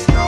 It's